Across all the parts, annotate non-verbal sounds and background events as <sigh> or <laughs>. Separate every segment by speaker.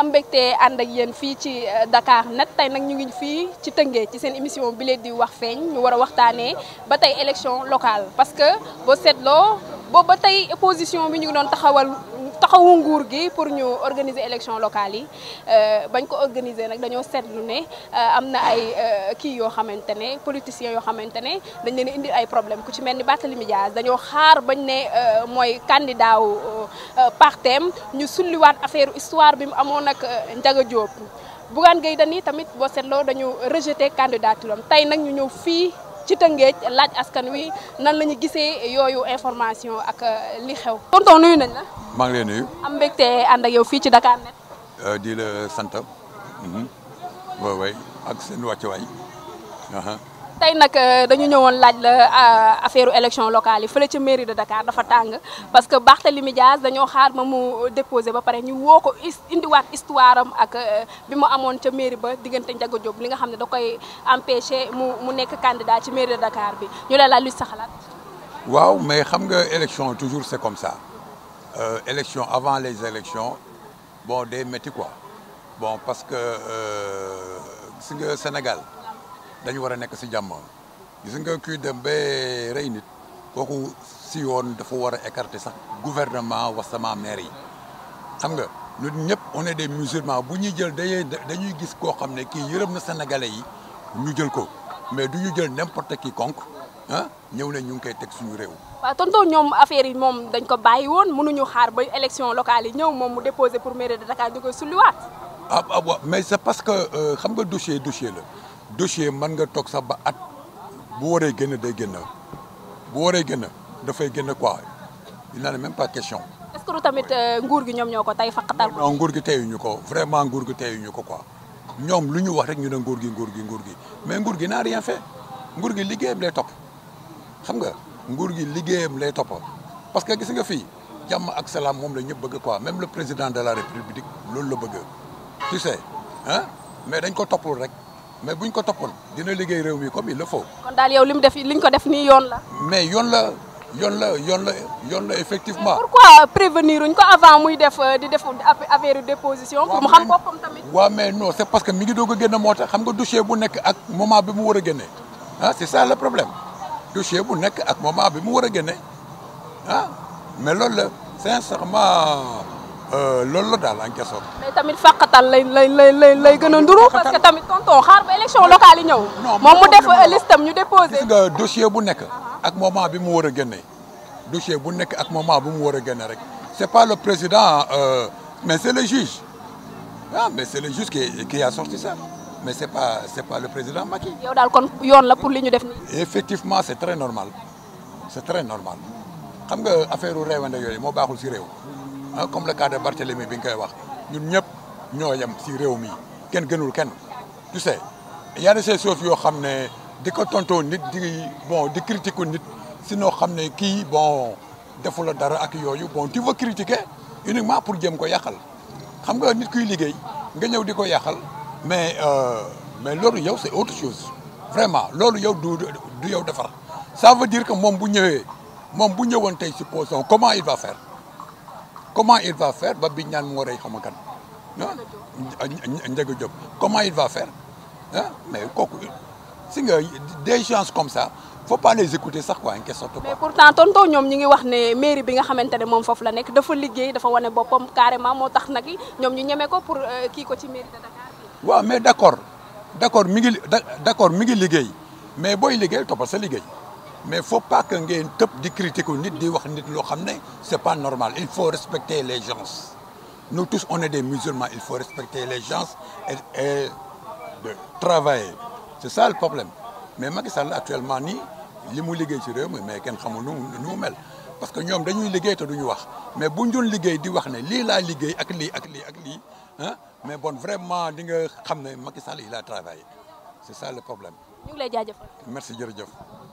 Speaker 1: am mbégte ànd ak yéen fii ci euh, Dakar nag tey nag ñu ngi fii ci Tëngéej ci seen émission bi leen di wax feeñ ñu war a waxtaanee ba tey élection locale parce que boo seetloo boobu ba tey opposition bi ñu ngi doon taxawal taxawu nguur gi pour ñu organiser élection locale yi euh, bañ ko organiser nag dañoo seetlu ne euh, am na ay euh, kii yoo xamante ne politiciens yoo xamante ne dañ leen indi ay problème ku ci mel ni Barthélémy Dias dañoo xaar bañ ne mooy candidat wu ñu sulliwaat affaire histoire bi mu amoon ak Ndiaga Diop Bougane Gueye Dany tamit boo seetloo dañu rejeté candidature am tey nag ñu ñëw fii ci Tëngéej laaj askan wi nan lañu ñu gisee yooyu information ak euh, li xew. tonton nuyu nañ la. maa nuyu. am mbégte ànd ak yow fii ci Dakar Net.
Speaker 2: Euh, di la sant. waaw mhm. waay ak seen wàccuwaay.
Speaker 1: tey nag euh, dañu ñëwoon laaj la euh, affaire élection locale yi fa fële ca mairie de Dakar dafa tàng parce que Barthélémy Dias dañoo xaar ma mu déposé ba pare ñu woo ko indiwaat histoire am ak euh, bi mu amoon ca mairie ba diggante Ndiaga Diop li nga xam ne da koy empêché mu mu nekk candidat ci mairie de Dakar bi ñu lay laaj lu sa xalaat.
Speaker 3: waaw mais xam nga
Speaker 2: élection toujours c'est comme ça élection avant les élections bon de métti quoi bon parce que gis nga Sénégal. dañu war a nekk si jàmm gis nga kuy dem ba rey nit kooku si yoon dafa war a écarter sax gouvernement wax sama yi xam nga ñun ñëpp on de des musulmans bu ñuy jël dañuy dañuy gis koo xam ne kii yërëm na sénégalais yi ñu jël ko mais du ñu jël n'importe quiconque ah ñëw na ñu ngi koy teg suñu réew.
Speaker 1: waaw tonton ñoom affaire yi moom dañ ko bàyyi woon mënuñu xaar ba élection locale yi ñëw moom mu déposé pour mairie de Dakar ñu koy sulliwaat.
Speaker 2: ah ah mais parce que euh, xam nga dossier dossier la. dossier man nga toog sax ba at bu waree génn day génn bu waree génn dafay génn quoi il n'en est pas question.
Speaker 1: est-ce euh, nguur gi ñoom ñoo ko tey faqatal.
Speaker 2: non nguur gi teyuñu ko vraiment nguur gi teyuñu ko quoi ñoom lu ñu wax rek ñu ne nguur gi nguur gi nguur gi mais nguur gi n'a rien fait nguur gi liggéeyam lay topp xam nga nguur gi liggéeyam lay topp parce que gis nga fi jàmm ak salaam moom la ñëpp bëgg quoi même le président de la république loolu la bëgg tu sais ah mais dañ ko toppul rek. mais buñ ko toppoon dina liggéey réew mi comme il le faut.
Speaker 1: kon daal yow li mu ñu ko def ni yoon la.
Speaker 2: mais yoon la yoon la yoon la yoon la effectivement. Mais
Speaker 1: pourquoi prévenir uñ ko avant muy def euh, di def affaire déposition. pour mu xam boppam tamit.
Speaker 2: waaw mais non c'est parce que mi ngi doog a génn moo tax xam nga dossier bu nekk ak moment bi mu war a génne ah c'est ça le problème dossier bu nekk ak moment bi mu war a génne ah mais loolu la sincèrement. Euh, loolu la daal en
Speaker 1: tamit fàqatal lay lay lay lay gën a nduru. parce tamit tonton xaar ba élection locale yi ñëw. moom mu def
Speaker 2: listam ñu déposé. dossier bu nekk. ak moment bi mu war a génnee. dossier bu nekk ak moment bu mu war a génne rek. c' est pas le président euh, mais le juge ah mais c' le juge qui qui a sorti ça mais c' pas le président Macky.
Speaker 1: daal kon yoon la pour li ñu def nii.
Speaker 2: effectivement c' est très normal c' est très normal xam nga affaire u réewande yooyu moo baaxul si réew. ah comme le cas de Barthélemy bi nga koy wax ñun ñëpp ñoo yem si réew mi kenn gënul kenn tu sais y a de yoo xam ne di ko tontoo nit di bon di critiquer nit si noo xam ne kii bon defu dara ak yooyu bon tu veux critiquer uniquement pour jéem ko yàqal xam nga nit kuy liggéey nga ñëw di ko yàqal mais euh, mais loolu yow c'est autre chose vraiment loolu yow du du yow defar ça veut dire que moom bu ñëwee moom bu ñëwoon tey supposons comment il va faire comment il va faire ba Bignane mu war a xam kan ah Ndiaga Diop comment il va faire ah mais kooku si nga des gens comme ça faut pas les écouter sax quoi en quelque sorte quoi. mais
Speaker 1: pourtant tonton ñoom ñi ngi wax ne mairie bi nga xamante ne moom foofu la nekk dafa liggéey dafa wane boppam carrément moo tax nag ñoom ñu ñeme ko pour euh, kii ko ci mairie de Dakar.
Speaker 2: waaw mais d' accord d' accord mi ngi d' accord mi ngi liggéey mais booy liggéey toppal sa liggéey. mais faut pas ngeen tëb di critiquer nit di wax nit loo xam ne c'est pas normal il faut respecter les gens nous tous on est des musulmans il faut respecter les gens et, et de travailler c'est ça le problème mais Macky Sall actuellement nii li mu liggéey ci réew mi mais kenn xamul nu mu mel parce que ñoom dañuy liggéey te duñu wax mais bu ñu liggéey di wax ne lii laa liggéey ak li ak lii ak lii ah mais bon vraiment di nga xam ne Macky Sall il a travaillé c'est ça le problème. ñu merci jërëjëf.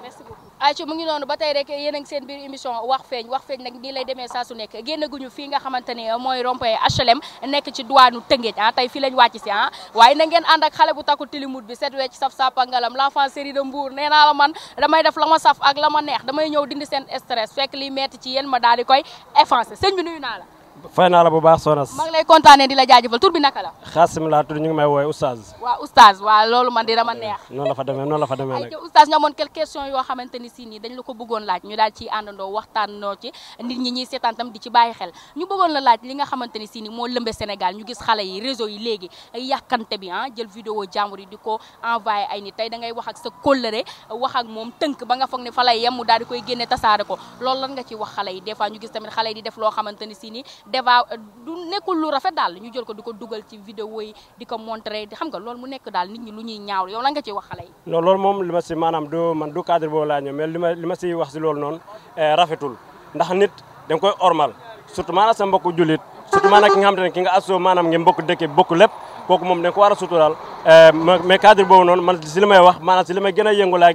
Speaker 4: merci beaucoup ayca mu ngi noonu ba tey rek yéen a ngi seen biir émission wax feeñ wax feeñ nag nii lay demee saa su nekk génnaguñu fi nga xamante ne mooy rond-point nekk ci duwaanu Tëngéej ah tey fii lañ wàcc si ah waaye na ngeen ànd ak xale bu takku tilimut bi set wecc saf sapa ngalam l'enfant série de Mbour nee naa la man damay def la ma saf ak la ma neex damay ñëw dindi seen stress fekk liy metti ci yéen ma daal di koy effacer sëñ bi nuyu naa la
Speaker 5: fay naa la bu baax Sonas. maa ngi
Speaker 4: lay kontaanee di la jaajëfal tur bi naka la.
Speaker 5: Xaasim laa tudd ñu ngi may woowee oustaz.
Speaker 4: waaw oustaz waaw loolu man di dama neex. Eh,
Speaker 5: noonu la fa demee noonu la fa demee nag.
Speaker 4: oustaz nga amoon quelques questions yoo xamante ni si nii dañ la ko bëggoon laaj ñu daal ciy àndandoo waxtaanoo ci nit ñi ñuy seetaan tam di ci bàyyi xel ñu bëggoon la laaj li nga xamante ni si nii moo lëmbe Sénégal ñu gis xale yi réseau yi léegi yàkkante bi ah jël vidéo jàmbur yi di ko envoyé ay nit tey da ngay wax ak sa kóllëre wax ak moom tënk ba nga foog ne fa lay yem mu daal di koy génne tasaare ko loolu lan nga ci wax xale yi des fois ñu gis tamit xale yi di def loo xamante ni si nii débat euh, du nekkul lu rafet daal ñu jël ko di ko dugal ci vidéo yi di ko yi di xam nga loolu mu nekk daal nit ñi lu ñuy ñaaw yow la nga ciy wax xale yi.
Speaker 5: loolu moom li ma si maanaam du man du cadre boobu laa ñëw mais li ma li ma si wax si loolu noonu eh, rafetul ndax nit da koy ormal surtout maanaam sa mbokku jullit surtout maanaam ki nga xam te ne ki nga asso maanaam ngeen mbokk dëkk bokk lépp kooku moom ko war a suturaal eh, mais cadre boobu noonu man wax maanaam si li gën a yëngu laay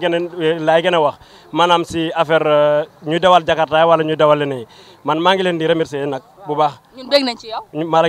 Speaker 5: laay gën a wax maanaam si affaire euh, ñuy dawal jakarta wala ñuy dawal leneen man maa ngi leen di remercier nag bu baax.
Speaker 4: ñun dégg nañ ci yow. maa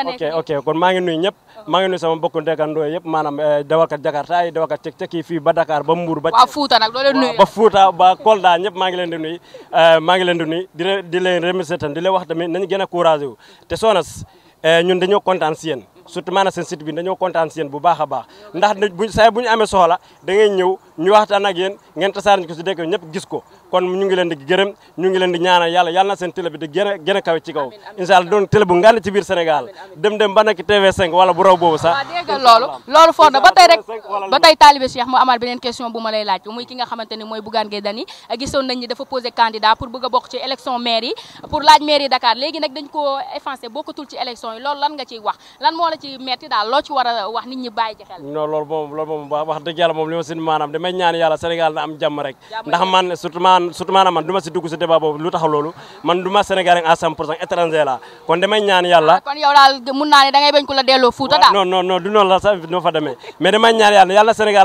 Speaker 4: ok
Speaker 5: ok kon maa ngi nuyu ñëpp. maa ngi nuyu sama mbokku ndekandoo yëpp maanaam eh, dawalkat Jakarta yi dawalkat cek-cek yi fii ba Dakar ba Mbour ba. waaw
Speaker 4: Fouta nag doo leen nuyu
Speaker 5: ba Fouta ba Kolda ñëpp ngi leen di nuyu. Eh, maa ngi leen di nuyu di leen di leen remercier tamit di leen wax tamit nañu gën a courageux wu te Sonas eh, ñun dañoo kontaan si yéen surtout maanaam seen site bi kontaan si yéen bu baax a baax ndax buñ saa bu ñu amee soxla da ngay ñëw ñu waxtaan ak yéen ngeen tasaar ñu ko si dëkk ñëpp gis ko kon ñu ngi di gërëm ñu ngi di ñaanal yàlla yàlla seen télé di gën a kawe ci kaw incha doon télé bu ngand ci biir Sénégal dem dem ba nekk TV5 wala bu raw boobu sax waaw
Speaker 4: dégg loolu loolu foog na ba tey rek ba tey taalibe Cheikh mu amaat beneen question bu ma lay laaj muy ki nga xamante ne mooy Bougane Gueye Dany gisoon nañ dafa posé candidat pour bëgg bokk ci élection maire pour laaj maire yi léegi nag dañ ko effacé
Speaker 5: man surtout maanaam man du ma si dugg si débat boobu lu tax loolu man du ma sénégalais à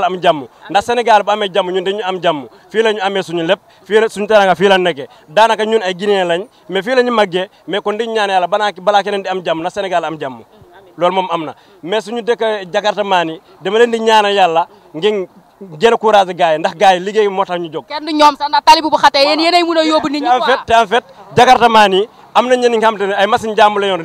Speaker 5: am jàmm ndax Sénégal bu amee jàmm ñun dañu am jàmm fii ñu amee suñu lépp fii la suñu teranga fii la nekkee daanaka ñun ay guinéen lañ mais ñu màggee mais kon dañu ñaan yàlla banaa balaa keneen di am jàmm na Sénégal am jàmm loolu moom am na mais suñu dëkk jakarta maa ni dama leen di ñaanal jël courage gars ndax gars liggéey moo tax ñu te en fait jakartamaan yi am na ñenn ñi nga ay machine jàmm la yoon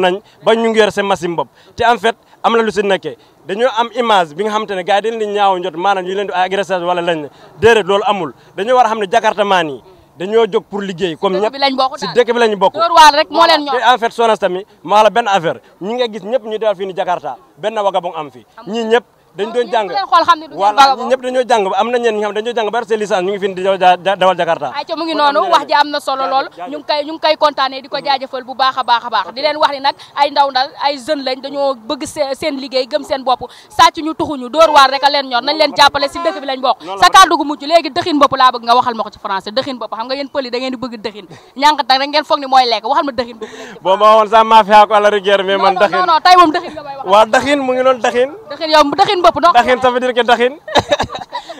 Speaker 5: nañ ba ñu ngi yor seen machine te en fait am na lu si nekkee dañoo am image bi nga xamante ne gars yi ñaaw njot maanaam ñu leen di ay agressé wala lañ déedéet amul dañoo war a xam ne jakartamaan yi dañoo jóg pour liggéey comme ñëpp si dëkk bi lañ bokk te en fait sonas tamit maa la benn ñi gis ñëpp ñu dewal fii ni jakarta benn dañ doon jàng voilà ñun ñëpp dañoo jàng ba am na ñenn ñi xam dañoo jàng ba ar seen licence ñu ngi fi di dawal Jakarta ayca mu ngi noonu wax ji am na solo lool ñu ngi
Speaker 4: koy ñu ngi koy kontaane di ko mhm. jaajëfal bu baax a baax a baax di leen wax ni nag ay ndaw ndal ay jeune lañ dañoo bëgg seen liggéey gëm seen bopp sàcc ñu tuxuñu dóor waar rek a leen ñor nañ leen jàppale si dëkk bi lañ bokk sa kàddu gu mujj léegi dëxin bopp laa bëgg nga waxal ma ko ci français dëxin bopp xam nga yéen pëli da ngeen di bëgg dëxin ñàngat nag rek ngeen foog ni mooy lekk waxal ma dëxin bopp
Speaker 5: bon ma waxoon sax mafia ko à la rigueur mais man dëxin non non
Speaker 4: tey moom dëxin nga
Speaker 5: may wax waaw dëxin mu ngi noonu dëxin dëxin yow dëxin seen bopp donc daxin ça veut dire que daxin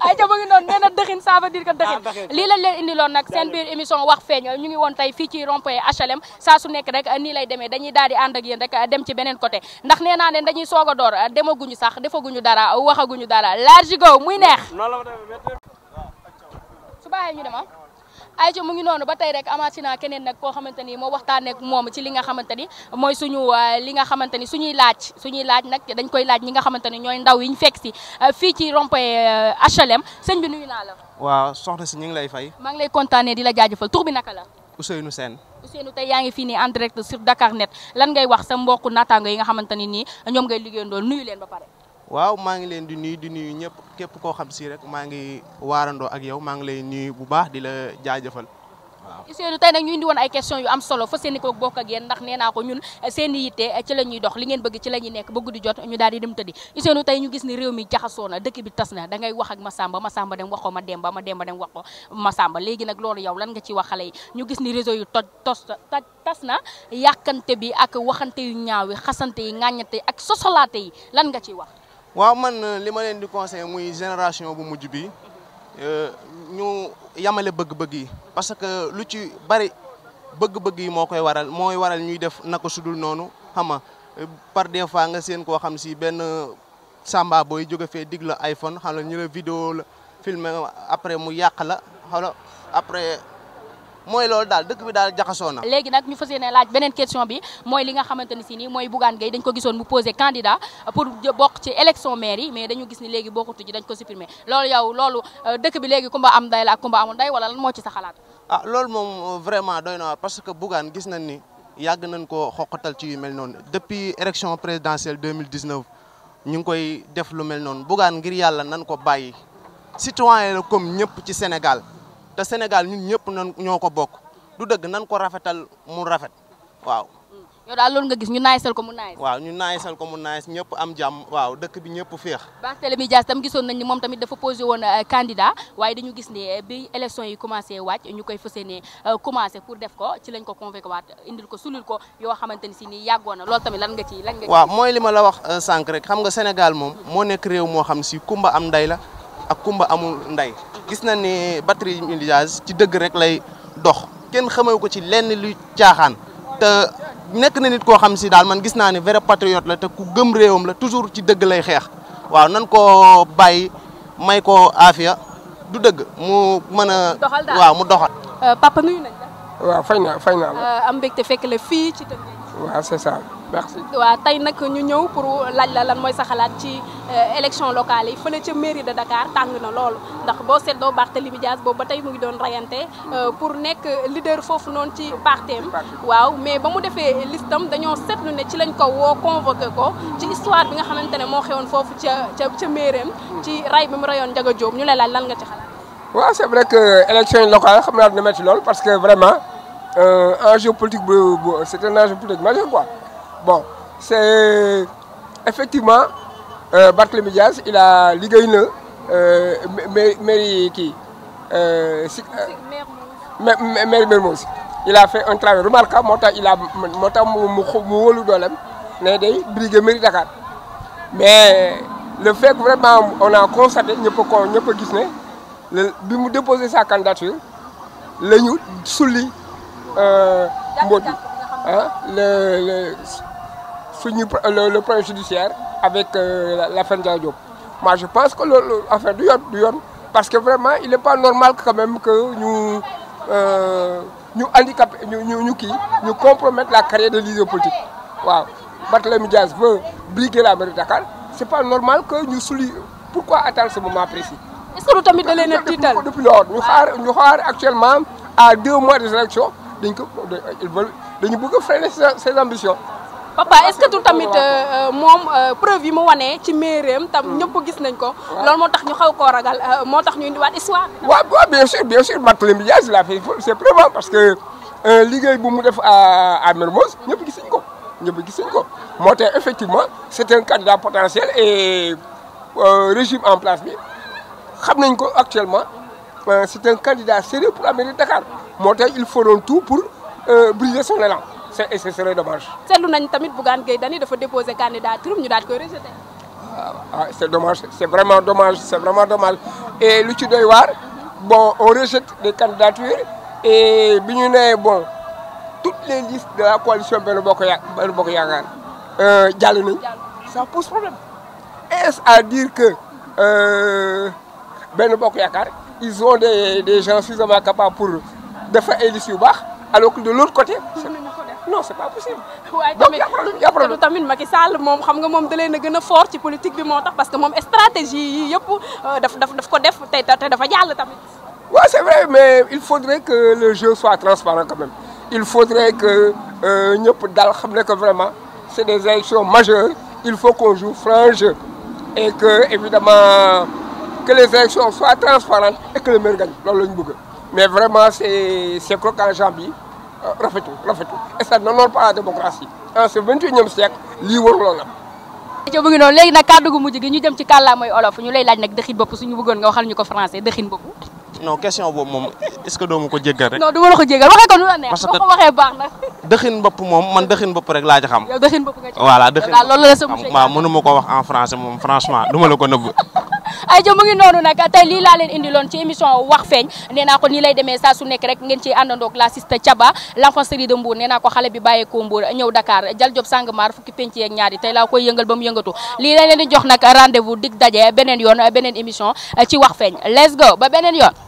Speaker 4: ay <laughs> jama ngi noonu nee na dëxin ça veut dire que ah, lii lañ leen indi nag seen biir émission wax feeñoo ñu ngi woon tey fii ci rond-point HLM saa su nekk rek nii lay demee dañuy daal di ànd ak yéen rek dem ci beneen côté ndax nee naa leen dañuy soog a door demaguñu sax defaguñu dara waxaguñu dara Largo muy neex su baaxee ñu dem ah. ayca mu ngi noonu ba tey rek amati naa keneen nag koo xamante ni moo waxtaanee ak moom ci li nga xamante ni mooy suñu euh, li nga xamante ni suñuy laaj suñuy laaj nag dañ koy laaj ñi nga xamante ni ñooy ndaw yi ñu fekk si euh, fii ci rond-point euh, HLM sëñ bi nuyu naa la.
Speaker 6: waaw soxna si ñu ngi lay fay.
Speaker 4: maa ngi lay kontaanee di la jaajëfal tur bi naka la. Ousseynou Sène. Ousseynou tey yaa ngi fii nii en direct sur Dakar Net lan ngay wax sa mbokku naataango yi nga xamante ni nii ñoom ngay liggéeyandool nuyu leen ba pare
Speaker 6: waaw maa ngi leen di nuyu di nuyu ñëpp képp koo xam si rek maa ngi waarandoo ak yow maa ngi lay nuyu bu baax di la jaajëfal waaw.
Speaker 4: Ousseynou tey nag ñu indi woon ay question yu am solo fa seen kook ko bokk ak yéen ndax nee naa ko ñun eh, seen i yitte eh, ci la ñuy dox li ngeen bëgg ci la ñuy nekk ba di jot ñu daal di dem tëddi Ousseynou tey ñu gis ni réew mi jaxasoo na dëkk bi tas na dangay wax ak ma ma Masamba dem wax ko Mademba Mademba dem wax ko Masamba léegi nag loolu yow lan nga ciy wax xale ñu gis ni réseau yu toj tos toj tas na yàkkante bi ak waxante yu ñaaw yi xasante yi ŋàññante ak sosolaate yi lan nga ciy wax
Speaker 6: waaw man euh, li ma leen di conseillé muy génération bu mujj bi euh, ñu yamale bëgg-bëgg yi parce que lu ci bari bëgg-bëgg yi moo koy waral mooy waral ñuy def naka sudul noonu xam euh, par des fois nga seen koo xam si benn samba booy jóge fee diglu la iPhone xam la ñu la vidéo la filmé après mu yàq la xala après mooy loolu daal dëkk bi daal jaxasoo na.
Speaker 4: léegi nag ñu fas yéene laaj beneen question bi mooy li nga xamante ni si nii mooy Bougane Gueye dañ ko gisoon mu posé candidat pour bokk ci élection maire yi mais dañu gis ni léegi bokkutu ji dañ ko supprimer loolu yow loolu euh, dëkk bi léegi kumba am day la ak kumba amul day wala lan moo ci sa xalaat.
Speaker 6: ah loolu moom euh, vraiment doy na waar parce que Bougane gis nañ ni yàgg nañ ko xoqatal ci yu mel noonu depuis élection présidentielle 2019 ñu ngi koy def lu mel noonu Bougane ngir yàlla nan ko bàyyi citoyen la comme ñëpp ci Sénégal. te Sénégal ñun ñëpp nan ñoo ko bokk du dëgg nan ko rafetal mu rafet waaw. Mm.
Speaker 4: yow daal lool nga gis ñu naajsal ko mu naaj.
Speaker 6: waaw ñu naajsal ko mu naaj ñëpp am jàmm waaw dëkk bi ñëpp féex.
Speaker 4: Barthélémy Dias tam gisoon nañ ni moom tamit dafa posé woon euh, candidat waaye dañu gis ne euh, bi élection yi commencé wàcc ñu koy fësee ne euh, commencé pour def ko ci lañ ko convoqué waat indil ko sulul ko yoo xamante ni si nii yàggoona na tamit lan nga ci lan nga. waaw mooy
Speaker 6: lima la wax sànq rek xam nga Sénégal moom moo nekk réew moo xam si kumba am nday la ak kumba amul nday gis na ni batterie milliage ci dëgg rek lay dox kenn xamewu ko ci lenn luy caaxaan te nekk na nit koo xam si daal man gis naa ni vrai patriote la te ku gëm réewam la toujours ci dëgg lay xeex waaw nan koo bàyyi may ko aafiya du dëgg mu mën a
Speaker 1: waaw mu doxal euh, papa nuyu nañ
Speaker 3: la euh,
Speaker 1: am mbégte fekk la fii ci dëgg
Speaker 3: waaw c'est ça merci
Speaker 1: waaw tey nag ñu ñëw pour laaj la lan mooy sa xalaat ci euh, élection locale yi fële ca mairie de Dakar tàng na loolu ndax boo seetloo Barthélémy Dias boobu ba tey mu ngi doon rayante euh, pour nekk leader foofu noonu ci parteem waaw mais ba mu defee listam dañoo seetlu ne ci lañ ko woo convoqué ko ci histoire bi nga xamante ne moo xewoon foofu ca ca ca mairie am ci ray bi mu rayoon Ndiaga Diop ñu lay laaj lan nga ci xalaat.
Speaker 3: waaw c'est vrai que euh, élection locale xam naa lool parce que vraiment enjeu politique bu bu c'est un enjeu politique bon c'est effectivement euh, Barthélémy Diaz il a liggéey na euh, mairie mairie kii euh, si. mairie Mermoz il a fait un travail remarquable moo tax il a moo tax mu mu wóolu dooleem ne day briguer mairie Dakar mais le fait vraiment on a constaté ñëpp a gis ne le bi mu déposé sa candidature la ñu sulli mboot fini le, le problème judiciaire avec euh, l'affaire la, Diop. Moi, je pense que affaire du Yon, yon parce que vraiment, il n'est pas normal quand même que nous, euh, nous, handicapés, nous, nous, nous, qui, nous compromettre la carrière de l'idée politique. Wow. Barthélemy Diaz veut briguer la mairie de Dakar, ce pas normal que nous soulignions. Pourquoi attendre ce moment précis Est-ce que nous avons donné notre titre Depuis lors, nous sommes actuellement à deux mois des élections, ils veulent freiner ses
Speaker 1: papa est-ce que tout tamit euh,
Speaker 3: euh, moom euh, preuve yi mu wane ci mairéem tam hmm.
Speaker 1: ñëpp gis nañ ko loolu moo tax ñu xaw ko ragal moo tax ñu indiwaat histoire
Speaker 3: waaw waaw bien sûr bien sûr Barthélémy Dias la fait c'est vraiment parce que liggéey bu mu def à Mermoz ñëpp gis nañ ko ñëpp gis nañ ko moo tax effectivement c'est un candidat potentiel et régime en place bi xam nañ ko actuellement c'est un candidat sérieux pour la mairie de Dakar moo tax ils feront tout pour briser son élan et ce serait dommage.
Speaker 1: seetlu nañ tamit Bougane Gueye Dany dafa déposé candidature ñu daal koy rejeté. waaw
Speaker 3: ah, ah, c'est dommage c'est vraiment dommage c'est vraiment dommage et lu ci doy waar bon on rejette des candidatures et bi ñu nee bon toutes les listes de la coalition Benno Bokk Ya Benno Bokk Yaakaar euh, jàll nañ ça pose à dire que euh, Benno Bokk Yaakaar ils ont des des gens suffisamment capables pour defar ay yu baax alors de l'autre non c'est pas possible.
Speaker 1: tamit donc tamit Sall moom xam nga moom da leen a gën foor ci politique bi moo tax parce que moom stratégie yi yëpp euh, daf daf ko def te te dafa jàll tamit.
Speaker 3: waaw c'est vrai mais il faudrait que le jeu soit transparent quand même il faudrait que euh, ñëpp daal xam ne que vraiment c'est des élections majeures il faut qu'on joue franc jeu et que évidemment que les élections soient transparentes et que le maire gagne loolu la ñu bëgg mais vraiment c'est c'est croc en jambe yi rafetul rafetu stade na loolu pas la démocratie en ah, ce vingt et unième siècle lii waruloon am bu ngi léegi nag kàddu gu mujj gi ñu jëm ci
Speaker 4: kàllaamay olof ñu lay laaj nag dëxin bopp suñu bëggoon nga waxal ñu ko français dëxin bopp
Speaker 3: non question boobu moom
Speaker 6: est-ce que doo ma ko jéggal rek. non du ma ko jéggal waxee neex. parce que ko waxee baax na. dëxin bopp moom man dëxin bopp rek laa xam. dëxin bopp nga ci xam dëxin bopp loolu la sa monsieur. waaw mënu ma ko wax en français moom franchement du ma la ko
Speaker 4: nëbb. ay <laughs> jo mu ngi ba mu yëngatu lii lañ leen jox nag rendez-vous dig daje beneen yoon beneen émission ci wax feeñ let's ba beneen yoon